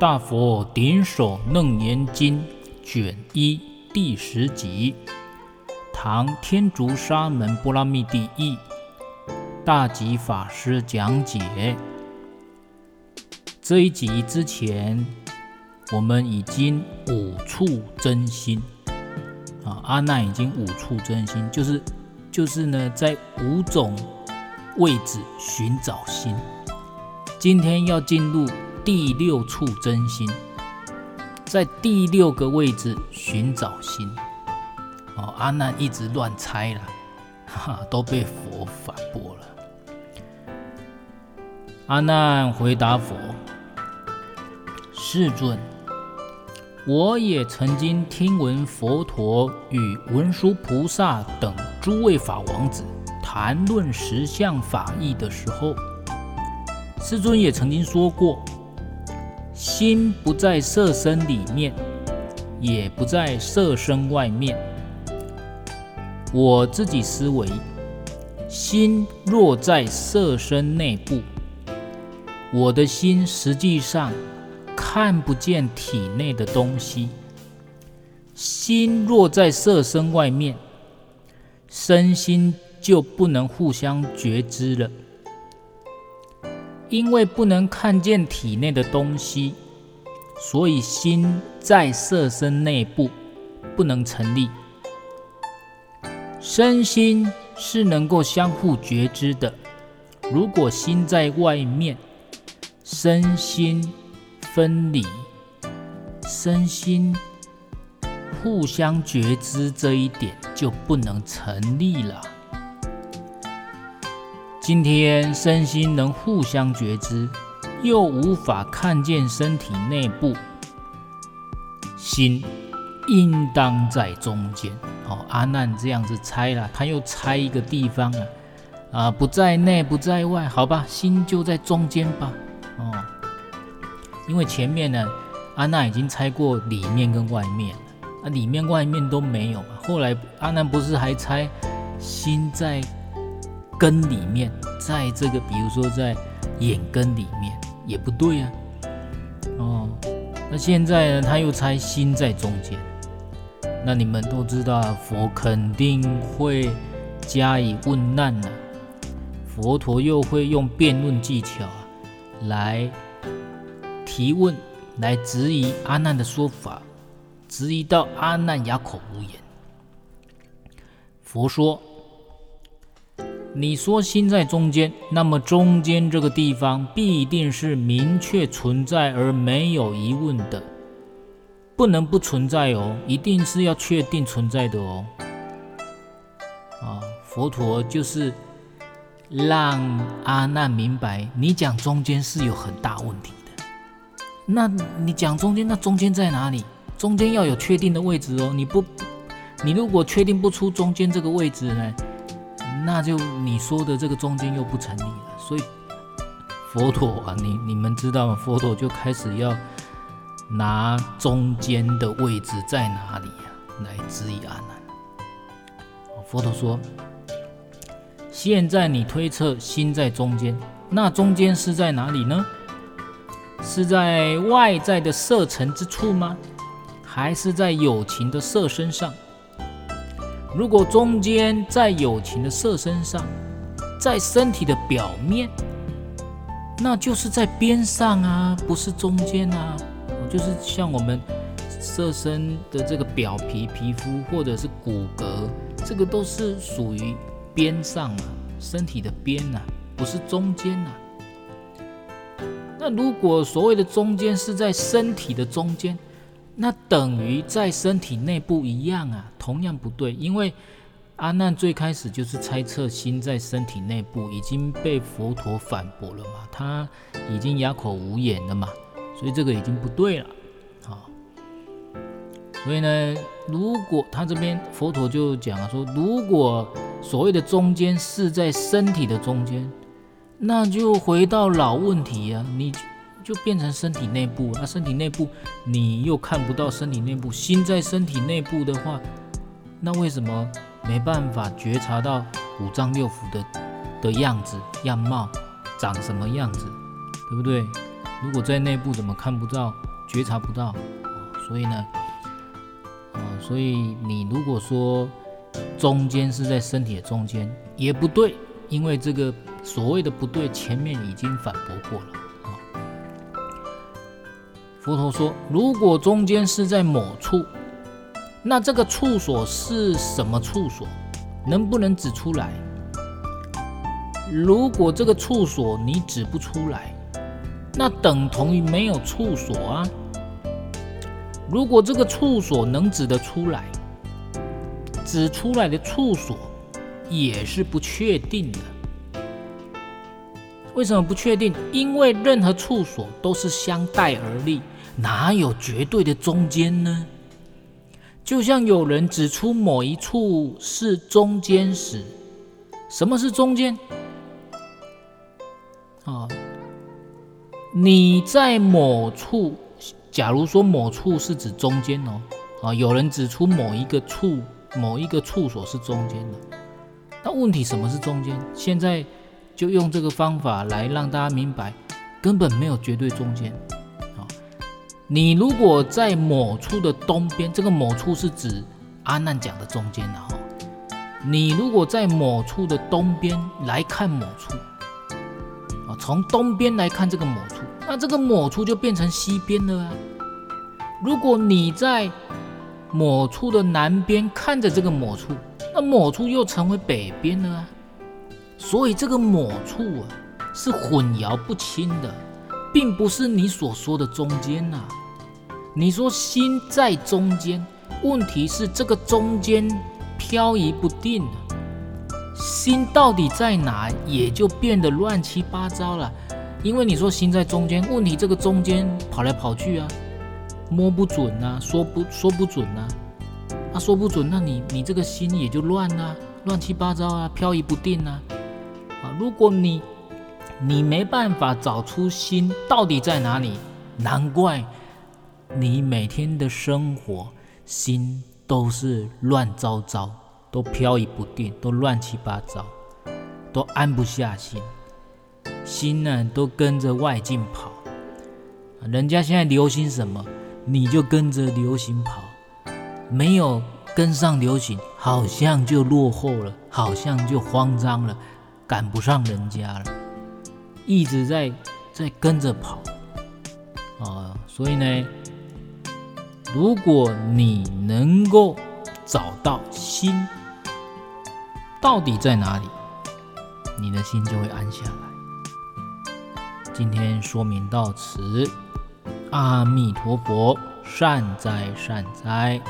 大佛頂首楞嚴經卷一第十集，唐天竺沙門般剌密帝譯，大寂法師講解。這一集之前，我們已經五處徵心，啊，阿難已經五處徵心，就是就是呢，在五種位置尋找心。今天要進入。第六處真心，在第六個位置尋找心哦。阿難一直亂猜啦，哈，都被佛反駁了。阿難回答佛：“世尊，我也曾經聽聞佛陀與文殊菩薩等諸位法王子談論實相法義的時候，世尊也曾經說過。”心不在色身裡面，也不在色身外面。我自己思維，心若在色身內部，我的心實際上看不見體內的東西；心若在色身外面，身心就不能互相覺知了。因為不能看見體內的東西，所以心在色身內部不能成立。身心是能夠相互覺知的。如果心在外面，身心分離，身心互相覺知這一點就不能成立了。今天身心能互相覺知，又無法看見身體內部，心應當在中間。哦。阿難這樣子猜了，他又猜一個地方了，啊，啊，不在內，不在外，好吧，心就在中間吧。哦，因為前面呢，阿難已經猜過裡面跟外面，那、啊、裡面外面都沒有嘛。後來阿難不是還猜心在根裡面，在這個，比如說在眼根裡面，也不對啊。哦，那現在呢，他又猜心在中間。那你們都知道啊，佛肯定會加以問難啊。佛陀又會用辯論技巧啊，來提問，來質疑阿難的說法，質疑到阿難啞口無言。佛說。你說心在中間，那麼中間這個地方必定是明確存在而沒有疑問的，不能不存在哦，一定是要確定存在的哦。啊，佛陀就是讓阿難明白，你講中間是有很大問題的。那你講中間，那中間在哪裡？中間要有確定的位置哦。你不，你如果確定不出中間這個位置呢？那就你說的這個中間又不成立了，所以佛陀啊，你你們知道嗎？佛陀就開始要拿中間的位置在哪裡呀、啊、來質疑阿難。佛陀說：現在你推測心在中間，那中間是在哪裡呢？是在外在的色塵之處嗎？還是在有情的色身上？如果中間在有情的色身上，在身體的表面，那就是在邊上啊，不是中間啊。就是像我們色身的這個表皮、皮膚或者是骨骼，這個都是屬於邊上啊，身體的邊啊，不是中間啊。那如果所謂的中間是在身體的中間，那等於在身體內部一樣啊，同樣不對，因為阿難最開始就是猜測心在身體內部，已經被佛陀反駁了嘛，他已經啞口無言了嘛，所以這個已經不對了。好、哦，所以呢，如果他這邊佛陀就講了說，如果所謂的中間是在身體的中間，那就回到老問題呀、啊，你。就變成身體內部、啊，那身體內部你又看不到身體內部。心在身體內部的話，那為什麼沒辦法覺察到五臟六腑的的樣子、樣貌、長什麼樣子，對不對？如果在內部怎麼看不到、覺察不到？所以呢，啊，所以你如果說中間是在身體的中間，也不對，因為這個所謂的不對，前面已經反駁過了。佛陀說：“如果中間是在某處，那這個處所是什麼處所？能不能指出來？如果這個處所你指不出來，那等同於沒有處所啊。如果這個處所能指得出來，指出來的處所也是不確定的。為什麼不確定？因為任何處所都是相待而立。”哪有絕對的中間呢？就像有人指出某一處是中間時，什麼是中間？啊、哦，你在某處，假如說某處是指中間哦，啊、哦，有人指出某一個處，某一個處所是中間的，那問題什麼是中間？現在就用這個方法來讓大家明白，根本沒有絕對中間。你如果在某處的東邊，這個某處是指阿難講的中間的哈、哦。你如果在某處的東邊來看某處啊，從東邊來看這個某處，那這個某處就變成西邊了啊。如果你在某處的南邊看着這個某處，那某處又成為北邊了啊。所以這個某處啊是混淆不清的。並不是你所說的中間吶、啊，你說心在中間，問題是這個中間飄移不定、啊，心到底在哪？也就變得亂七八糟了。因為你說心在中間，問題這個中間跑來跑去啊，摸不準吶、啊，說不說不準吶？啊，啊，說不準，那你你這個心也就亂吶、啊，亂七八糟啊，飄移不定啊。啊，如果你。你沒辦法找出心到底在哪裡，難怪你每天的生活心都是亂糟糟，都飄移不定，都亂七八糟，都安不下心。心呢、啊、都跟着外境跑，人家現在流行什麼，你就跟着流行跑。沒有跟上流行，好像就落後了，好像就慌張了，趕不上人家了。一直在在跟着跑啊，所以呢，如果你能夠找到心到底在哪裡，你的心就會安下來。今天說明到此，阿彌陀佛，善哉善哉。